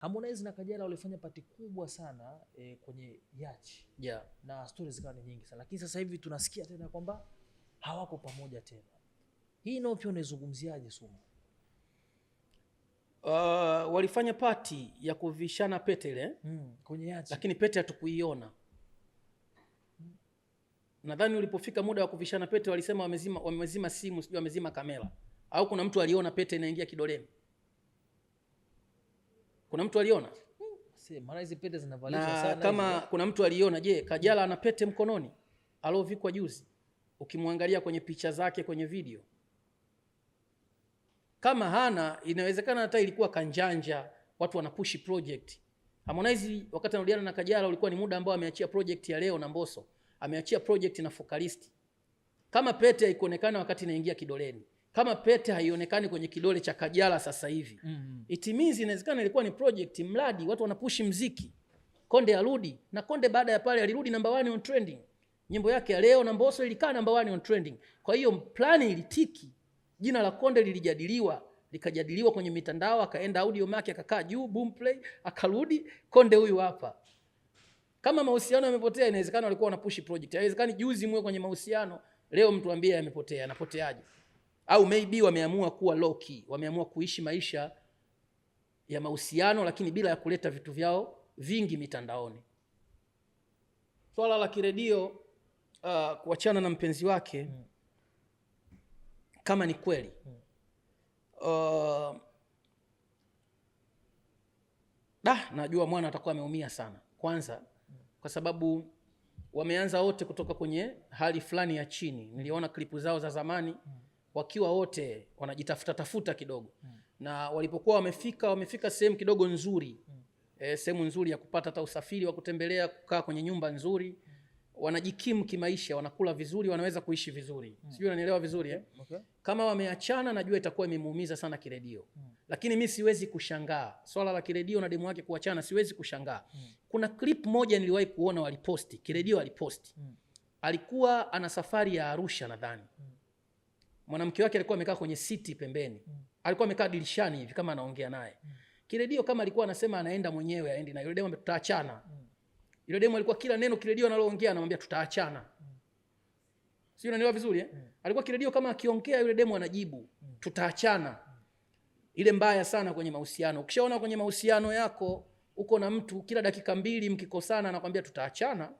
Harmonize na Kajala walifanya pati kubwa sana e, kwenye Yachi yeah. na stories zikawa ni nyingi sana lakini sasa hivi tunasikia tena kwamba hawako pamoja tena. Hii nao pia unaizungumziaje Suma? Uh, walifanya pati ya kuvishana pete ile eh? mm, kwenye Yachi lakini pete hatukuiona mm. Nadhani ulipofika muda wa kuvishana pete walisema wamezima, wamezima simu sijui wamezima kamera au kuna mtu aliona pete inaingia kidoleni kuna mtu aliona si, maana hizi pete zinavalishwa sana kama hizi. kuna mtu aliona je Kajala ana pete mkononi alovikwa juzi ukimwangalia kwenye picha zake kwenye video kama hana inawezekana hata ilikuwa kanjanja watu wanapushi project Harmonize wakati anarudiana na Kajala ulikuwa ni muda ambao ameachia project ya leo na mboso ameachia project na focalist kama pete haikuonekana wakati inaingia kidoleni kama pete haionekani kwenye kidole cha Kajala sasa hivi mm -hmm. it means inawezekana ilikuwa ni project mradi, watu wanapushi mziki, Konde arudi na Konde. Baada ya pale alirudi namba one on trending, nyimbo yake ya leo na mboso ilikaa namba one on trending. Kwa hiyo plani ilitiki, jina la Konde lilijadiliwa, likajadiliwa kwenye mitandao, akaenda audio make akakaa juu, Boomplay akarudi, Konde huyu hapa. Kama mahusiano yamepotea, inawezekana walikuwa wanapushi project. Haiwezekani juzi mwe kwenye mahusiano, leo mtu ambie yamepotea, anapoteaje? au maybe wameamua kuwa loki wameamua kuishi maisha ya mahusiano lakini bila ya kuleta vitu vyao vingi mitandaoni. Swala la kiredio uh, kuachana na mpenzi wake hmm. kama ni kweli hmm. Uh, da, najua mwana atakuwa ameumia sana kwanza, hmm. kwa sababu wameanza wote kutoka kwenye hali fulani ya chini. Niliona klipu zao za zamani hmm wakiwa wote wanajitafuta tafuta kidogo mm. na walipokuwa wamefika wamefika sehemu kidogo nzuri mm. e, sehemu nzuri ya kupata hata usafiri wa kutembelea, kukaa kwenye nyumba nzuri mm. wanajikimu kimaisha, wanakula vizuri, wanaweza kuishi vizuri mm. sijui unanielewa vizuri eh? okay. eh? okay. Kama wameachana, najua itakuwa imemuumiza sana kiredio mm. lakini mi siwezi kushangaa swala la kiredio na demu wake kuachana, siwezi kushangaa mm. kuna clip moja niliwahi kuona waliposti, kiredio aliposti mm. alikuwa ana safari ya Arusha nadhani mm mwanamke wake alikuwa amekaa kwenye siti pembeni, mm. alikuwa amekaa dirishani hivi kama anaongea naye mm. kiredio, kama alikuwa anasema anaenda mwenyewe, aendi na yule tutaachana. mm. demu alikuwa kila neno kiredio analoongea anamwambia tutaachana, mm. sio? Unanielewa vizuri eh? mm. Alikuwa kiredio kama akiongea yule demu anajibu mm. tutaachana. Mm. Ile mbaya sana kwenye mahusiano. Ukishaona kwenye mahusiano yako uko na mtu kila dakika mbili mkikosana anakwambia tutaachana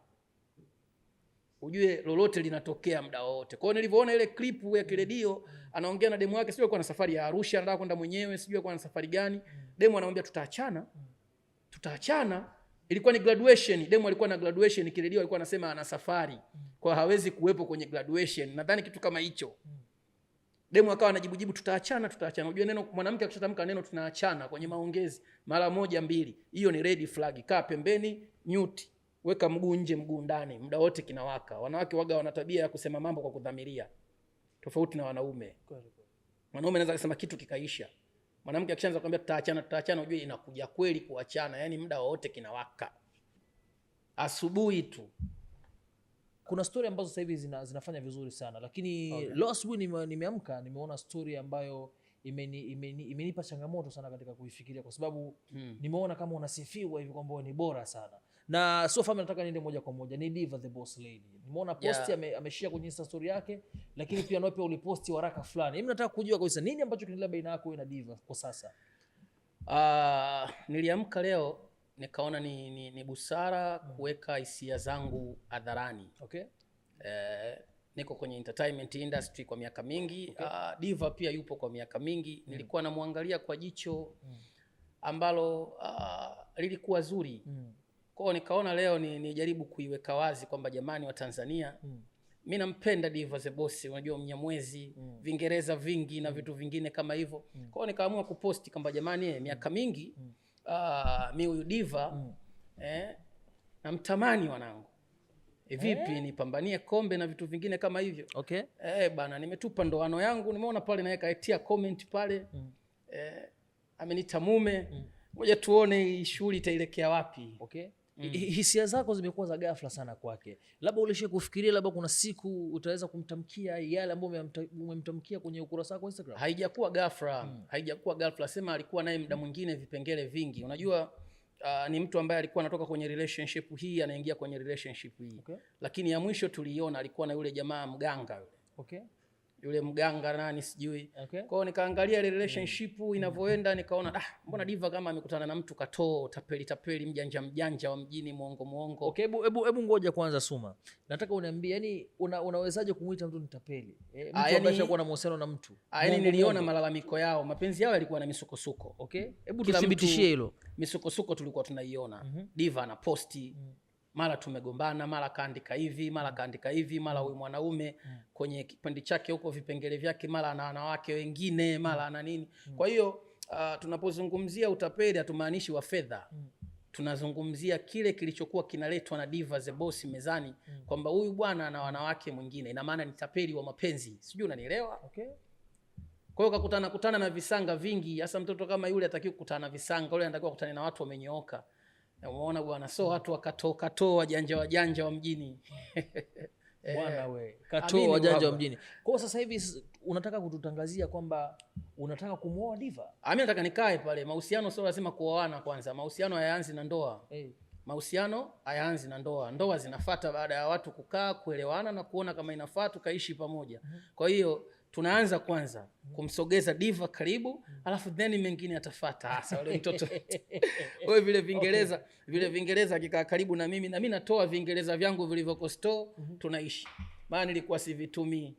ujue lolote linatokea muda wote. Kwa hiyo nilivyoona ile clip ya Kiredio anaongea na demu yake, sijui kwa na safari ya Arusha anataka kwenda mwenyewe, sijui kwa na safari gani. Demu anamwambia tutaachana, tutaachana. Ilikuwa ni graduation, demu alikuwa na graduation, Kiredio alikuwa anasema ana safari, kwa hawezi kuwepo kwenye graduation, nadhani kitu kama hicho. Demu akawa anajibu jibu tutaachana, tutaachana. Unajua neno mwanamke akishatamka neno tunaachana kwenye maongezi mara moja mbili, hiyo ni red flag, kaa pembeni, nyuti weka mguu nje, mguu ndani, muda wote kinawaka. Wanawake waga wana tabia ya kusema mambo kwa kudhamiria, tofauti na wanaume. Mwanaume anaweza kusema kitu kikaisha, mwanamke akishaanza kwambia tutaachana, tutaachana, unajua inakuja kweli kuachana, yani muda wote kinawaka, asubuhi tu kuna stori ambazo sasa hivi zina, zinafanya vizuri sana lakini okay. Leo asubuhi nimeamka ni nimeona stori ambayo imeni, imeni, imenipa changamoto sana katika kuifikiria kwa sababu hmm. Nimeona kama unasifiwa hivi kwamba ni bora sana na so fami nataka niende moja kwa moja ni Diva the Boss Lady. Nimeona post yeah. ameshia ame kwenye Insta story yake, lakini pia nawe pia uliposti waraka fulani. Mimi nataka kujua kabisa nini ambacho kinaendelea baina yako na Diva kwa sasa. Uh, niliamka leo nikaona ni, ni, ni busara hmm. kuweka hisia zangu hadharani. Okay. Eh, niko kwenye entertainment industry kwa miaka mingi. Okay. Uh, Diva pia yupo kwa miaka mingi. Hmm. Nilikuwa namwangalia kwa jicho hmm. ambalo uh, lilikuwa zuri. Mm. Kwao nikaona leo nijaribu ni kuiweka wazi kwamba jamani wa Tanzania mm. Mi nampenda Diva the Boss, unajua Mnyamwezi mm. Vingereza vingi na mm. vitu vingine kama hivyo mm. Kwao nikaamua kuposti kwamba jamani, eh, miaka mm. mingi mm. uh, mi huyu Diva mm. eh, namtamani wanangu E, vipi hey. Eh. Nipambanie kombe na vitu vingine kama hivyo okay. Eh, bana nimetupa ndoano yangu, nimeona pale naweka etia comment pale mm. Eh, amenita mume mm. ngoja mm. Tuone hii shughuli itaelekea wapi okay. Mm. Hisia zako zimekuwa za ghafla sana kwake, labda ulishie kufikiria labda kuna siku utaweza kumtamkia yale ambayo umemtamkia kwenye ukurasa wako Instagram. Haijakuwa ghafla hmm. Haijakuwa ghafla, sema alikuwa naye muda mm. mwingine vipengele vingi, unajua uh, ni mtu ambaye alikuwa anatoka kwenye relationship hii anaingia kwenye relationship hii okay. Lakini ya mwisho tuliiona alikuwa na yule jamaa mganga yule okay yule mganga nani sijui. Okay. kwao nikaangalia ile relationship mm. inavyoenda nikaona ah, mbona Diva kama amekutana na mtu katoo tapeli tapeli mjanja mjanja wa mjini mwongo mwongo. Okay, ebu, ebu, ebu ngoja kwanza Suma. Nataka uniambie yani una, unawezaje kumuita mtu ni tapeli? E, mtu ah, ambaye ameshakuwa na mahusiano na mtu. Ah, yani niliona malalamiko yao, mapenzi yao yalikuwa na misukosuko. Okay? ebu tuthibitishie hilo. Misukosuko tulikuwa tunaiona. Mm -hmm. Diva ana posti mm -hmm mara tumegombana, mara kaandika hivi, mara kaandika hivi, mara huyu mwanaume mm. kwenye kipindi chake huko vipengele vyake, mara ana wanawake wengine, mm. mara ana nini mm. kwa hiyo uh, tunapozungumzia utapeli hatumaanishi wa fedha mm. tunazungumzia kile kilichokuwa kinaletwa na diva the boss mezani mm. kwamba huyu bwana ana wanawake mwingine, ina maana ni tapeli wa mapenzi, sijui unanielewa? okay. Kwa hiyo kakutana kutana na visanga vingi, hasa mtoto kama yule atakiwa kukutana na visanga, yule anatakiwa kukutana na watu wamenyooka umeona bwana, so watu wakatoa wajanja wajanja wa mjini eh, bwana we katoa wajanja wa mjini kwao. Sasa hivi unataka kututangazia kwamba unataka kumwoa Diva? Ah, mimi nataka nikae pale. Mahusiano sio lazima kuoana kwanza, mahusiano hayaanzi na ndoa hey. Eh. Mahusiano hayaanzi na ndoa, ndoa zinafata baada ya watu kukaa kuelewana na kuona kama inafaa tukaishi pamoja. Mhm. Kwa hiyo tunaanza kwanza kumsogeza diva karibu, alafu then mengine atafata. Hasa ah, yule mtoto wewe, vile vingereza okay. vile vingereza akikaa karibu na mimi, na mi natoa vingereza vyangu vilivyoko store, mhm. tunaishi maana nilikuwa sivitumii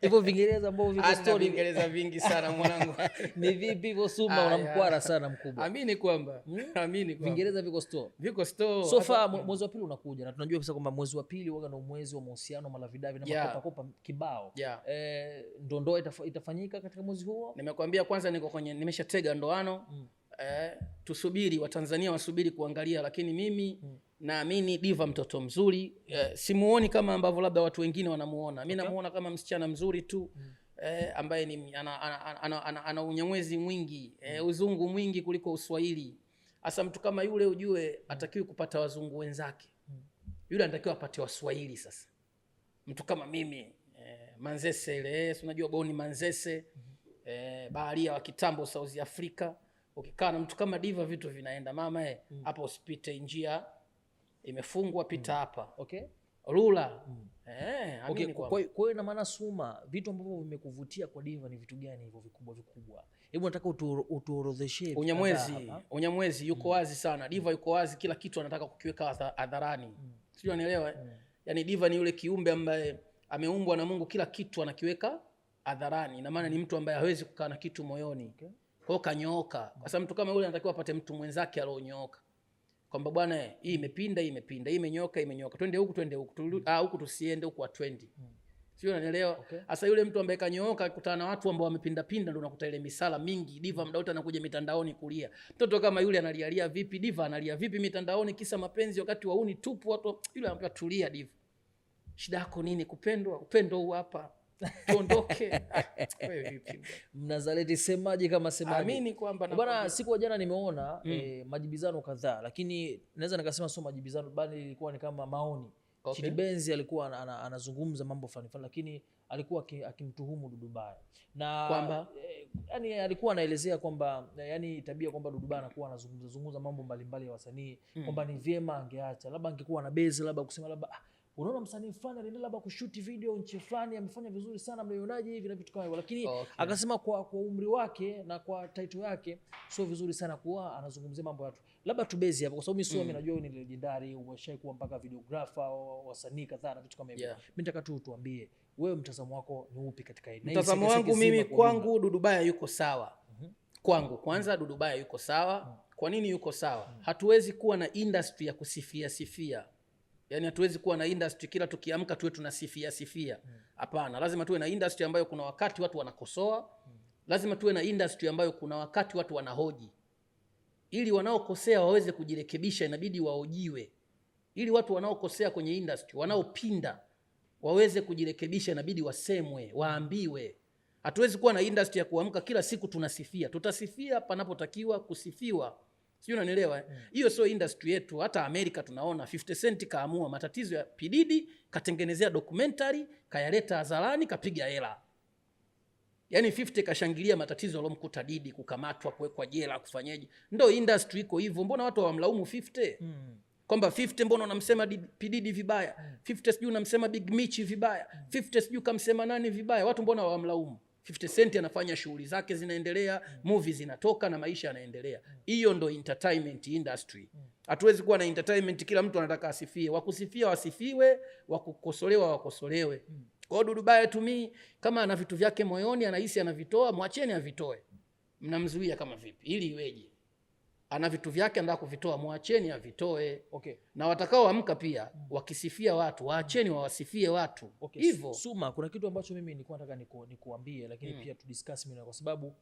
hivyo vingereza ambavyo viko vingereza vingi sana mwanangu ni vipi hivyo suma unamkwara sana mkubwa amini kwamba hmm? amini kwamba vingereza viko store viko store so far mwezi wa pili unakuja na tunajua kabisa kwamba mwezi wa pili waga na mwezi wa mahusiano malavidavi na yeah. makopakopa kibao yeah. eh, ndondoa itafanyika katika mwezi huo nimekwambia kwanza niko kwenye nimeshatega ndoano mm eh, tusubiri Watanzania wasubiri kuangalia, lakini mimi mm. naamini Diva mtoto mzuri eh, simuoni kama ambavyo labda watu wengine wanamuona. Mimi namuona kama msichana mzuri tu mm. eh, ambaye ni ana, ana, ana, ana, ana, ana unyamwezi mwingi eh, mm. uzungu mwingi kuliko Uswahili. Hasa mtu kama yule ujue mm. atakiwi kupata wazungu wenzake, mm. yule anatakiwa apate Waswahili. Sasa mtu kama mimi eh, Manzese ile, eh, unajua Boni Manzese mm-hmm. eh, baharia wa kitambo South Africa ukikaa na mtu kama Diva vitu vinaenda mama eh, mm. hapa mm. usipite njia imefungwa pita mm. hapa mm. okay rula Mm. Eh, okay, kwa hiyo ina maana Suma, vitu ambavyo vimekuvutia kwa Diva ni vitu gani hivyo vikubwa vikubwa? Hebu nataka utuorodheshe. Unyamwezi, Unyamwezi yuko mm. wazi sana. Diva yuko wazi, kila kitu anataka kukiweka hadharani. Mm. Sio, unanielewa? Eh? Mm. Yaani Diva ni yule kiumbe ambaye ameumbwa na Mungu, kila kitu anakiweka hadharani. Ina maana ni mtu ambaye hawezi kukaa na kitu moyoni. Okay. Kwa kanyooka. Kwa sababu mtu kama yule anatakiwa apate mtu mwenzake aliyonyooka. Kwamba bwana, hii imepinda, hii imepinda, hii imenyoka, imenyoka. Twende huku, twende huku. Turudi, ah, huku tusiende huku atwendi. Hmm. Sio, unanielewa? Sasa yule mtu ambaye kanyooka akutana na watu ambao wamepinda pinda, ndio unakuta ile misala mingi. Diva muda wote anakuja mitandaoni kulia. Mtoto kama yule analialia vipi? Diva analia vipi mitandaoni? Kisa mapenzi wakati wa uni tupu. Watu yule anapata tulia, diva. Shida yako nini? Kupendwa, upendo huu hapa tuondoke. semaji kama semabana Siku ya jana nimeona mm. eh, majibizano kadhaa, lakini naweza nikasema sio majibizano, bali ilikuwa ni kama maoni Okay. Chidi Benzi alikuwa anazungumza mambo fulani fulani, lakini alikuwa akimtuhumu Dudubaya na kwamba e, yani alikuwa anaelezea kwamba yani tabia kwamba Dudubaya anakuwa anazungumza zungumza mambo mbalimbali ya wasanii mm. kwamba ni vyema angeacha, labda angekuwa na bezi labda kusema labda ah, unaona msanii fulani alienda labda kushuti video nchi fulani, amefanya vizuri sana, mnaionaje hivi na vitu kama hivyo, lakini okay. akasema kwa, kwa umri wake na kwa title yake sio vizuri sana kuwa anazungumzia mambo ya watu, labda tubezi hapo, kwa sababu mimi sio mimi mm. najua ni legendary, kuwa mpaka videographer, wasanii kadhaa na vitu kama hivyo yeah. mimi nataka tu utuambie wewe mtazamo wako ni upi katika hili? Mtazamo wangu mimi, kwangu Dudubaya mhm. yuko sawa mm -hmm. kwangu kwanza, Dudubaya yuko sawa mm -hmm. kwa nini yuko sawa mm -hmm. hatuwezi kuwa na industry ya kusifia sifia yani hatuwezi kuwa na industry kila tukiamka tuwe tunasifia sifia hapana hmm. lazima tuwe na industry ambayo kuna wakati watu wanakosoa hmm. lazima tuwe na industry ambayo kuna wakati watu wanahoji ili wanaokosea waweze kujirekebisha inabidi wahojiwe ili watu wanaokosea kwenye industry wanaopinda waweze kujirekebisha inabidi wasemwe waambiwe hatuwezi kuwa na industry ya kuamka kila siku tunasifia tutasifia panapotakiwa kusifiwa Sio, unanielewa eh? mm. hiyo? Sio industry yetu. Hata Amerika tunaona 50 Cent kaamua matatizo ya P katengenezea documentary, kayaleta hadharani, kapiga hela. Yaani 50 kashangilia matatizo alomkuta didi kukamatwa, kuwekwa jela, kufanyaje Ndio industry iko hivyo. Mbona watu hawamlaumu 50? Mm. Kwamba 50 mbona unamsema P vibaya? 50 mm. sijui unamsema Big Mitch vibaya. 50 mm. sijui kamsema nani vibaya. Watu mbona hawamlaumu? 50 Cent anafanya shughuli zake zinaendelea, movie zinatoka na maisha yanaendelea. Hiyo ndo entertainment industry. Hatuwezi kuwa na entertainment kila mtu anataka asifie, wakusifia wasifiwe, wakukosolewa wakosolewe. Kwa Dudu Dudubaya tumii kama ana vitu vyake moyoni, anahisi anavitoa, mwacheni avitoe. Mnamzuia kama vipi ili iweje? ana vitu vyake anataka kuvitoa, mwacheni avitoe. Okay. Na watakaoamka pia wakisifia watu waacheni wawasifie watu hivyo. Okay. Suma, kuna kitu ambacho mimi nilikuwa nataka niku, nikuambie lakini mm. pia tudiscuss mimi kwa sababu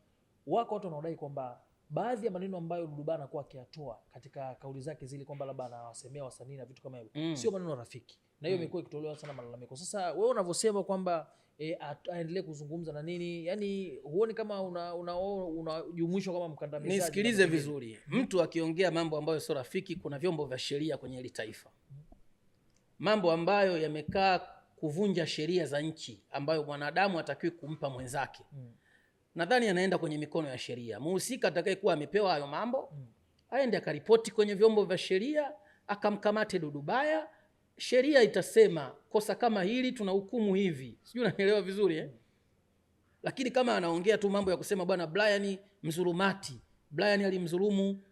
wako watu wanaodai kwamba baadhi ya maneno ambayo Dudu Baya anakuwa akiyatoa katika kauli zake zile kwamba labda anawasemea wasanii na vitu kama hivyo mm. sio maneno rafiki, na hiyo hmm. imekuwa mm. ikitolewa sana malalamiko. Sasa wewe unavyosema kwamba e, aendelee kuzungumza na nini yani huoni kama unajumuishwa una, una, kama mkandamizaji vizuri mtu akiongea mambo ambayo sio rafiki kuna vyombo vya sheria kwenye hili taifa mambo ambayo yamekaa kuvunja sheria za nchi ambayo mwanadamu atakiwi kumpa mwenzake mm. nadhani anaenda kwenye mikono ya sheria muhusika atakayekuwa amepewa hayo mambo mm. aende akaripoti kwenye vyombo vya sheria akamkamate dudubaya sheria itasema kosa kama hili tuna hukumu hivi, sijui unanielewa vizuri eh? Lakini kama anaongea tu mambo ya kusema bwana Brian mzulumati, Brian alimdhulumu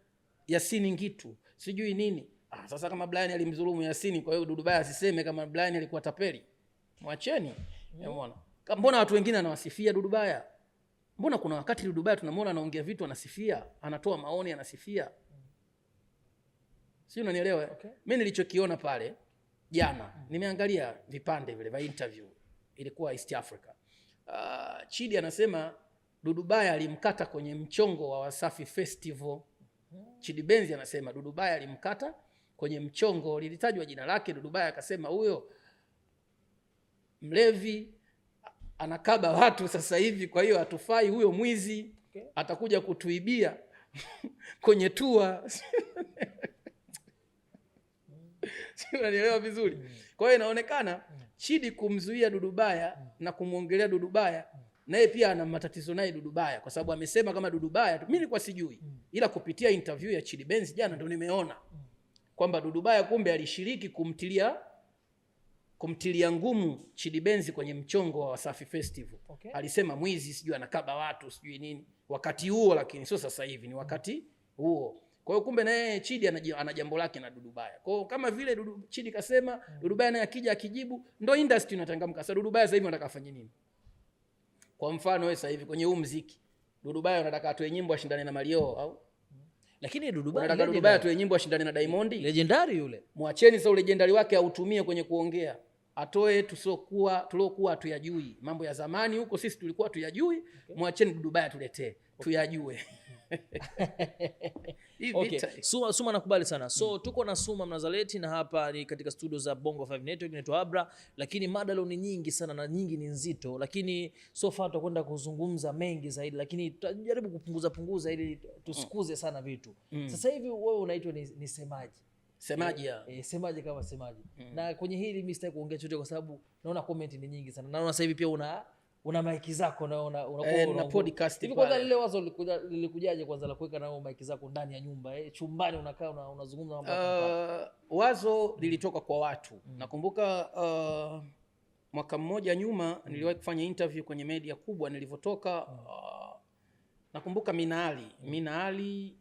Yasini Ngitu sijui nini. Ah, sasa kama Brian alimdhulumu Yasini, kwa hiyo Dudubaya asiseme kama Brian alikuwa tapeli, mwacheni. Umeona mm. Mbona watu wengine anawasifia Dudubaya? Mbona kuna wakati Dudubaya tunamwona anaongea vitu, anasifia, anatoa maoni, anasifia, sijui unanielewa? Eh? Okay. Mimi nilichokiona pale jana nimeangalia vipande vile vya interview ilikuwa East Africa. Uh, Chidi anasema Dudubaya alimkata kwenye mchongo wa Wasafi Festival. Chidi Benzi anasema Dudubaya alimkata kwenye mchongo, lilitajwa jina lake. Dudubaya akasema huyo mlevi anakaba watu sasa hivi, kwa hiyo hatufai, huyo mwizi atakuja kutuibia kwenye tua unanielewa vizuri mm. kwa hiyo inaonekana Chidi mm. kumzuia Dudubaya mm. na kumwongelea Dudubaya naye pia ana matatizo naye Dudubaya kwa sababu amesema kama Dudubaya, mi nilikuwa sijui ila kupitia interview ya Chidi Benz jana ndo nimeona kwamba Dudubaya kumbe alishiriki kumtilia kumtilia ngumu Chidi benzi kwenye mchongo wa Wasafi Festival. Okay. Alisema mwizi, sijui anakaba watu, sijui nini wakati huo, lakini sio sasa hivi, ni wakati huo kwa hiyo kumbe naye Chidi ana jambo lake na Dudubaya. Kwa hiyo kama vile Dudu, Chidi kasema, mm. Dudubaya naye akija akijibu ndio industry inatangamka. Sasa Dudubaya sasa hivi anataka afanye nini? Kwa mfano wewe sasa hivi kwenye huu muziki Dudubaya anataka atoe nyimbo ashindane na Mario au lakini Dudubaya anataka Dudubaya atoe nyimbo ashindane na Diamond. Legendary yule. Muacheni sasa legendary wake autumie kwenye kuongea. Atoe tusokuwa tulokuwa tuyajui. Mambo ya zamani huko sisi tulikuwa tuyajui. Okay. Mwacheni Dudubaya tuletee. Okay. Tuyajue. Mm. okay. Suma, Suma nakubali sana so mm. Tuko na Suma Mnazaleti na hapa ni katika studio za Bongo 5 Network, inaitwa Abra, lakini mada ni nyingi sana na nyingi ni nzito, lakini so far tutakwenda kuzungumza mengi zaidi, lakini tutajaribu kupunguza punguza ili tusikuze sana vitu mm. Sasa hivi wewe unaitwa ni, ni semaji semaji e, semaji kama semaji mm. Na kwenye hili mimi sitaki kuongea chochote kwa sababu naona comment ni nyingi sana, naona sasa hivi pia una una maiki zako na eh, lile wazo lilikujaje kwanza la kuweka nao maiki zako ndani ya nyumba eh, chumbani unakaa una, unazungumza uh, wazo mm. lilitoka kwa watu mm. Nakumbuka uh, mwaka mmoja nyuma mm. niliwahi kufanya interview kwenye media kubwa nilivyotoka mm. uh, nakumbuka Minali minaali mm.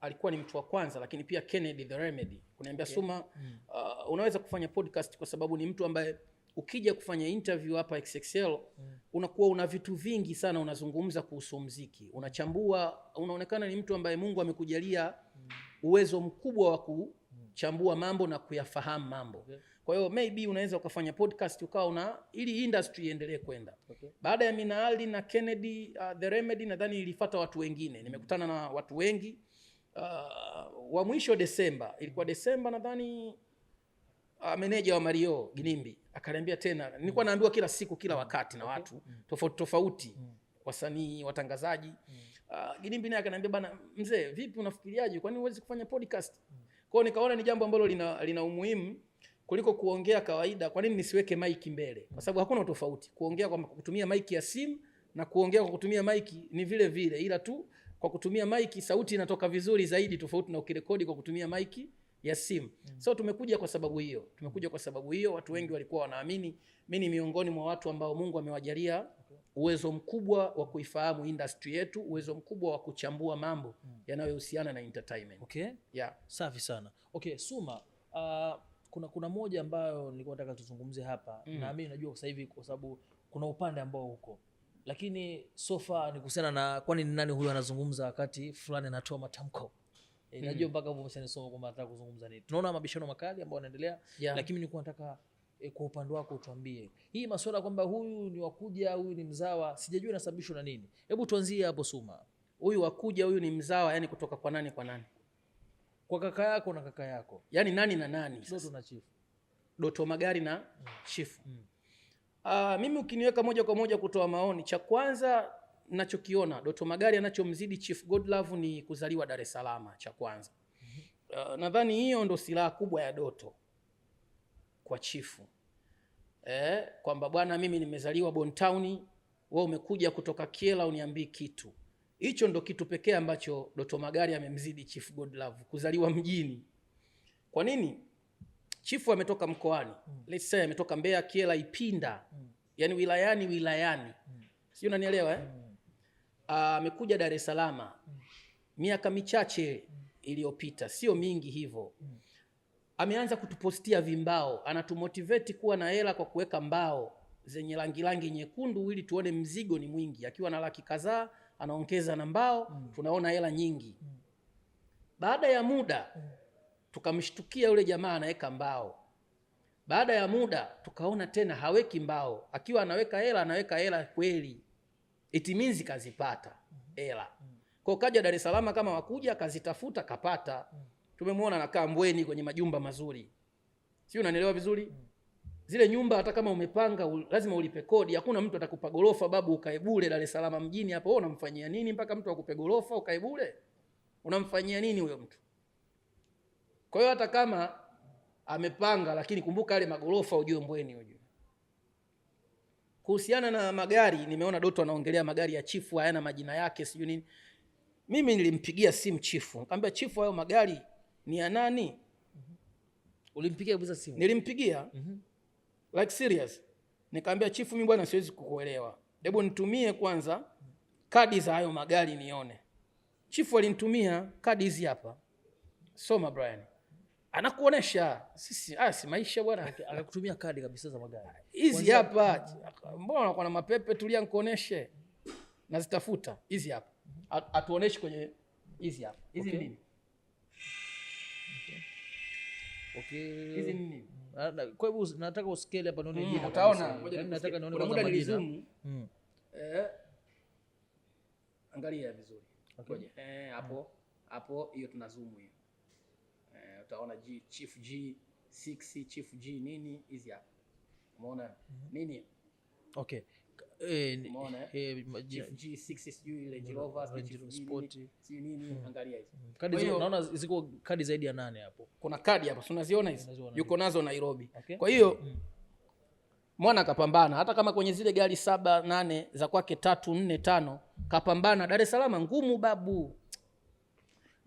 alikuwa ni mtu wa kwanza, lakini pia Kennedy the Remedy kuniambia okay. Suma mm. uh, unaweza kufanya podcast kwa sababu ni mtu ambaye ukija kufanya interview hapa XXL mm. unakuwa una vitu vingi sana, unazungumza kuhusu mziki, unachambua, unaonekana ni mtu ambaye Mungu amekujalia mm. uwezo mkubwa wa kuchambua mm. mambo na kuyafahamu mambo okay. Kwa hiyo maybe unaweza ukafanya podcast ukawa una ili industry iendelee kwenda okay. Baada ya minaali na Kennedy uh, The Remedy nadhani ilifata watu wengine, nimekutana na watu wengi uh, wa mwisho Desemba, ilikuwa Desemba nadhani uh, meneja wa Mario Ginimbi akaniambia tena, nilikuwa mm. naambiwa kila siku kila mm. wakati na watu okay. Mm. tofauti tofauti, mm. wasanii, watangazaji. mm. Uh, ah, naye akaniambia bana, mzee, vipi unafikiriaje, kwani huwezi kufanya podcast? mm. Kwao nikaona ni jambo ambalo lina, lina umuhimu kuliko kuongea kawaida. Kwa nini nisiweke maiki mbele? Kwa sababu hakuna tofauti kuongea kwa kutumia maiki ya simu na kuongea kwa kutumia maiki ni vile vile, ila tu kwa kutumia maiki sauti inatoka vizuri zaidi, tofauti na ukirekodi kwa kutumia maiki ya simu. mm. So tumekuja kwa sababu hiyo, tumekuja kwa sababu hiyo. Watu wengi mm. walikuwa wanaamini, mi ni miongoni mwa watu ambao Mungu amewajalia uwezo mkubwa wa kuifahamu industry yetu, uwezo mkubwa wa kuchambua mambo mm. yanayohusiana na entertainment. Okay. Yeah. Safi sana. Okay, Suma, uh, kuna kuna moja ambayo nilikuwa nataka tuzungumze hapa mm. Naamini najua sasa hivi kwa sababu kuna upande ambao huko lakini sofa ni kuhusiana na kwani ni nani huyo anazungumza wakati fulani anatoa matamko E, najua mpaka hapo nisome kwamba nataka kuzungumza nini. Tunaona mabishano makali ambayo yanaendelea yeah. Lakini nilikuwa nataka e, kwa upande wako utuambie hii masuala kwamba huyu ni wakuja, huyu ni mzawa, sijajua inasababishwa na nini. Hebu tuanzie hapo Suma. Huyu wakuja, huyu ni mzawa, yani kutoka kwa nani kwa nani? Kwa kaka yako na kaka yako, yani nani na nani? Doto na chifu, Doto Magari na mm. chifu mm. Uh, ah, mimi ukiniweka moja kwa moja kutoa maoni, cha kwanza nachokiona Doto Magari anachomzidi Chief Godlove ni kuzaliwa Dar es Salaam cha kwanza. Mm-hmm. Uh, nadhani hiyo ndo silaha kubwa ya Doto kwa chifu eh, kwamba bwana, mimi nimezaliwa Bontown, wewe umekuja kutoka Kiela uniambie kitu. Hicho ndo kitu pekee ambacho Doto Magari amemzidi Chief Godlove, kuzaliwa mjini. Kwa nini? Chifu ametoka mkoani mm. Let's say ametoka Mbeya, Kiela, Ipinda mm. yani wilayani wilayani mm. sio, unanielewa eh? mm. Ah, amekuja uh, Dar es Salaam miaka michache iliyopita, sio mingi hivyo ameanza kutupostia vimbao, anatumotivate kuwa na hela kwa kuweka mbao zenye rangi rangi nyekundu ili tuone mzigo ni mwingi. Akiwa na laki kadhaa anaongeza na mbao tunaona hela nyingi baada ya muda tukamshtukia yule jamaa anaweka mbao baada ya muda tukaona tena haweki mbao, akiwa anaweka hela anaweka hela kweli itimizi kazipata hela. Kwa kaja Dar es Salaam kama wakuja kazitafuta kapata. Tumemwona anakaa Mbweni kwenye majumba mazuri. si unanielewa vizuri? Zile nyumba hata kama umepanga lazima ulipe kodi. Hakuna mtu atakupa gorofa babu ukae bure Dar es Salaam mjini hapo. Wewe unamfanyia nini mpaka mtu akupe gorofa ukae bure? Unamfanyia nini huyo mtu? Kwa hiyo hata kama amepanga, lakini kumbuka yale magorofa ujue Mbweni ujue kuhusiana na magari, nimeona Doto anaongelea magari ya chifu hayana majina yake sijui nini. Mimi nilimpigia simu chifu, nikamwambia chifu, hayo magari ni ya nani? Ulimpigia kabisa simu? Nilimpigia mm -hmm. like serious, nikamwambia chifu, mimi bwana siwezi kukuelewa, hebu nitumie kwanza kadi za hayo magari nione. Chifu alinitumia kadi hizi hapa, soma Brian anakuonesha sisi, aya ah, si maisha bwana. Akakutumia kadi kabisa za magari hizi hapa, mbona unakuwa na mapepe? Tulia nikuoneshe, nazitafuta hizi hapa. Atuoneshe kwenye hizi hapa, hizi okay. nini? Okay, hizi nini? Ah, kwa hivyo nataka usikele hapa, nione hmm, jina. Utaona, yaani nataka nione kwanza majina. Hmm. Eh, angalia vizuri eh, hapo hmm. hapo, hiyo tuna zoom hiyo utaona G, Chief G6, Chief G nini hizi hapa. Umeona mhm. nini? Okay. nini, mm. angalia mm. kadi. Naona ziko kadi zaidi ya nane hapo. Kuna kadi hapa, si unaziona hizo? Yuko nazo Nairobi. Okay. Kwa hiyo mm. Mwana akapambana hata kama kwenye zile gari saba nane za kwake tatu nne tano kapambana. Dar es Salaam ngumu babu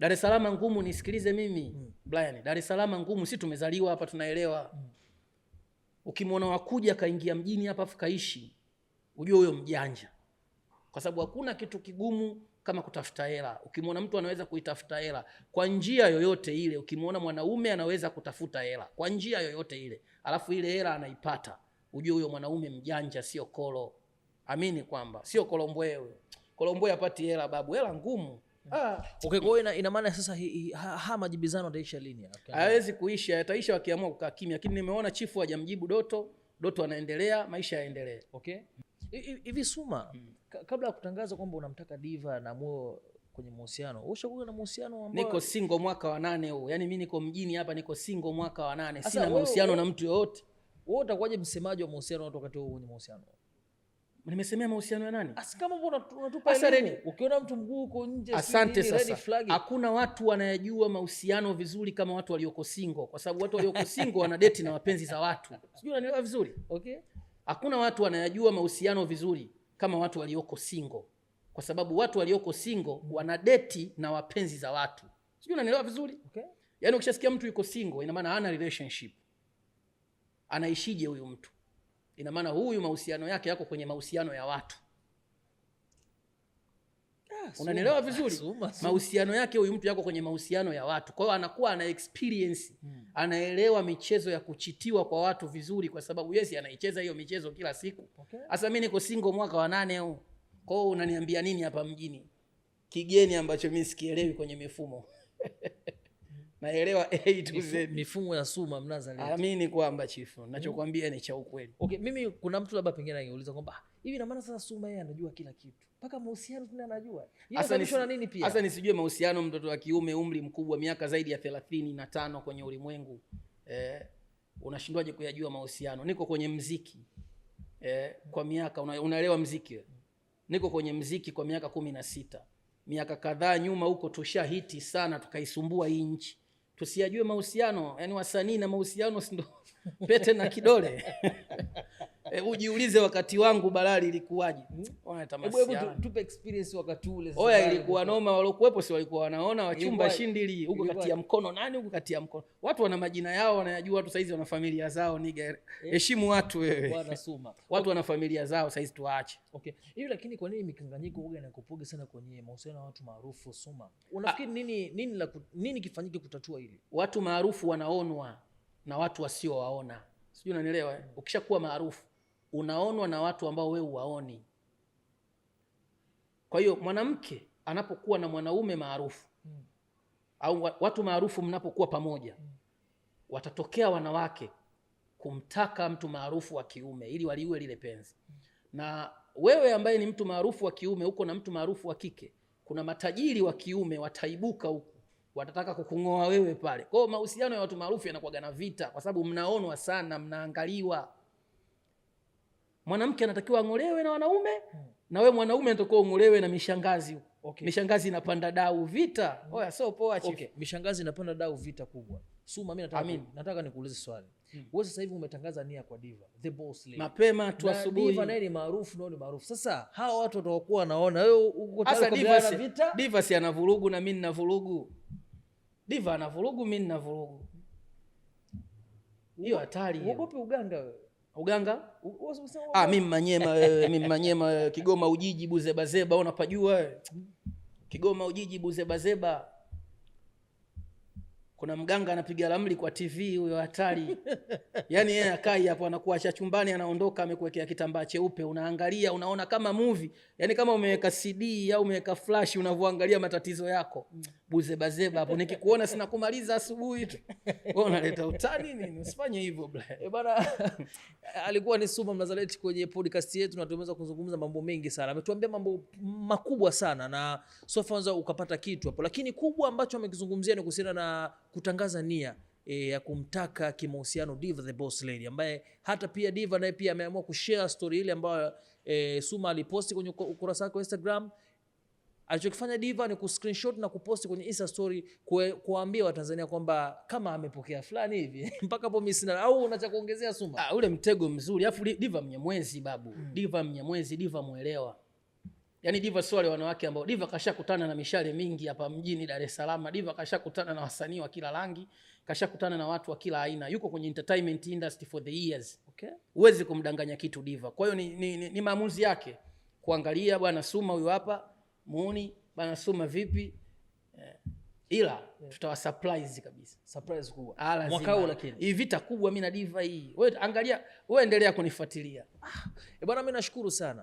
Dar es Salaam ngumu, nisikilize mimi mm. Brian, Dar es Salaam ngumu, si tumezaliwa hapa tunaelewa mm. Ukimwona wakuja kaingia mjini hapa afu kaishi, ujue huyo mjanja, kwa sababu hakuna kitu kigumu kama kutafuta hela. Ukimwona mtu anaweza kuitafuta hela kwa njia yoyote ile, ukimwona mwanaume anaweza kutafuta hela kwa njia yoyote ile, alafu ile hela anaipata, ujue huyo mwanaume mjanja, sio kolo. Amini kwamba sio kolombwe. Huyo kolombwe apati hela, babu, hela ngumu ah. okay, ina, ina maana sasa ha, ha majibizano ataisha lini? Hawezi kuisha, yataisha wakiamua kukaa kimya, lakini nimeona chifu hajamjibu Doto. Doto anaendelea, maisha yaendelee. Okay, hivi Suma, hmm. kabla ya kutangaza kwamba unamtaka Diva na Mo kwenye mahusiano, ushakuwa na mahusiano ambao niko single mwaka wa nane huu, yaani mi niko mjini hapa, niko single mwaka wa nane, sina mahusiano na mtu yoyote. Wewe utakuwaje msemaji wa mahusiano watu wakati huo kwenye mahusiano? nimesemea mahusiano ya nani? ukiona mtu mguu uko nje, asante. Sasa hakuna watu wanayajua mahusiano vizuri kama watu walioko singo kwa sababu watu walioko single wanadeti na wapenzi za watu, sijui unanielewa vizuri okay. Hakuna watu wanayajua mahusiano vizuri kama watu walioko singo kwa sababu watu walioko wana wanadeti na wapenzi za watu, sijui unanielewa vizuri okay. Yaani ukishasikia mtu yuko singo ina maana hana relationship, anaishije huyu mtu? ina maana huyu mahusiano yake yako kwenye mahusiano ya watu yeah, unanielewa vizuri mahusiano yake huyu mtu yako kwenye mahusiano ya watu kwa hiyo anakuwa ana experience hmm. anaelewa michezo ya kuchitiwa kwa watu vizuri kwa sababu yesi anaicheza hiyo michezo kila siku hasa okay. mi niko single mwaka wa nane huu kwa hiyo unaniambia nini hapa mjini kigeni ambacho mi sikielewi kwenye mifumo naelewa A to Z mifumo ya suma mnazaleta. Amini kwamba mm-hmm. chifu, ninachokwambia mm. ni cha ukweli. Okay, mimi kuna mtu labda pengine angeuliza kwamba hivi na maana sasa Suma yeye anajua kila kitu mpaka mahusiano tena anajua na nini pia. Sasa nisijue mahusiano, mtoto wa kiume umri mkubwa, miaka zaidi ya thelathini na tano kwenye ulimwengu eh, unashindwaje kuyajua mahusiano? Niko kwenye mziki eh, kwa miaka unaelewa mziki we? Niko kwenye mziki kwa miaka kumi na sita miaka kadhaa nyuma huko tushahiti sana tukaisumbua hii nchi tusiyajue mahusiano, yani wasanii na mahusiano, sindo pete na kidole ujiulize wakati wangu Balali ilikuwaje? Hmm? Hebu tupe experience wakati ule. Oya, ilikuwa noma, waliokuwepo si walikuwa wanaona wachumba shindili huko kati ya mkono nani huko kati ya mkono. Watu wana majina yao wanayajua, watu saizi wana familia zao, niga eh, heshimu watu wewe. Bwana Watu wana familia zao saizi tuwaache Okay. Hiyo lakini kwa nini mikanganyiko huwa inakupoga sana kwenye mahusiano ya watu maarufu Suma? Unafikiri ah. nini nini la nini kifanyike kutatua hili? Watu maarufu wanaonwa na watu wasiowaona. Sijui unanielewa? Eh? Ukishakuwa maarufu unaonwa na watu ambao wewe uwaoni. Kwa hiyo mwanamke anapokuwa na mwanaume maarufu mm. au watu maarufu mnapokuwa pamoja mm. watatokea wanawake kumtaka mtu maarufu wa kiume ili waliue lile penzi mm. na wewe ambaye ni mtu maarufu wa kiume huko na mtu maarufu wa kike, kuna matajiri wa kiume wataibuka huko, watataka kukung'oa wewe pale. Kwa hiyo mahusiano ya watu maarufu yanakuwa na vita, kwa sababu mnaonwa sana, mnaangaliwa mwanamke anatakiwa ang'olewe na wanaume na we mwanaume anatakiwa ung'olewe na mishangazi okay. mishangazi inapanda dau vita hmm. oya sio poa chief okay. mishangazi inapanda dau vita kubwa Suma, mimi nataka, nataka nikuulize swali hmm. wewe sasa hivi umetangaza nia kwa Diva the boss lady mapema tu asubuhi Diva naye ni maarufu nao ni maarufu sasa hawa watu watakuwa wanaona wewe uko tayari kwa vita Diva si ana vurugu na mimi vurugu Diva ana vurugu mimi vurugu hiyo hatari hiyo uogope uganga wewe uganga ah, mimi manyema eh, mimi manyema kigoma ujiji buzebazeba unapajua kigoma ujiji buzebazeba kuna mganga anapiga ramli kwa tv huyo hatari yaani yeye akai hapo anakuacha chumbani anaondoka amekuwekea kitambaa cheupe unaangalia unaona kama movie yaani kama umeweka cd au umeweka flash unavyoangalia matatizo yako mm buzebazeba hapo, nikikuona sina kumaliza asubuhi tu, wewe unaleta utani nini? Usifanye hivyo bla eh, bana. Alikuwa ni Suma mnazaleti kwenye podcast yetu, na tumeweza kuzungumza mambo mengi sana, ametuambia mambo makubwa sana, na sofa unaweza ukapata kitu hapo, lakini kubwa ambacho amekizungumzia ni kuhusiana na kutangaza nia E, ya kumtaka kimahusiano Diva the Boss Lady ambaye hata pia Diva naye pia ameamua kushare story ile ambayo e, Suma aliposti kwenye ukurasa wake wa Instagram Alichokifanya Diva ni kuscreenshot na kuposti kwenye Insta story kuambia Watanzania kwamba kama amepokea fulani hivi mpaka hapo mimi sina au unacha kuongezea Suma. Ah, ule mtego mzuri. Alafu Diva mnyamwezi babu. Mm. Diva mnyamwezi, Diva muelewa. yani Diva sio wale wanawake ambao Diva kashakutana na mishale mingi hapa mjini Dar es Salaam. Diva kashakutana na wasanii wa kila rangi, kashakutana na watu wa kila aina. Yuko kwenye entertainment industry for the years. Okay? Huwezi kumdanganya kitu Diva. Kwa hiyo ni, ni, ni, ni maamuzi yake kuangalia bwana Suma huyu hapa muoni bana Suma vipi eh, ila yeah. tutawa surprise kabisa, surprise kubwa ah, mwaka huu, lakini hii vita kubwa mimi na Diva hii, wewe angalia, wewe endelea kunifuatilia. Ah, e bwana, mimi nashukuru sana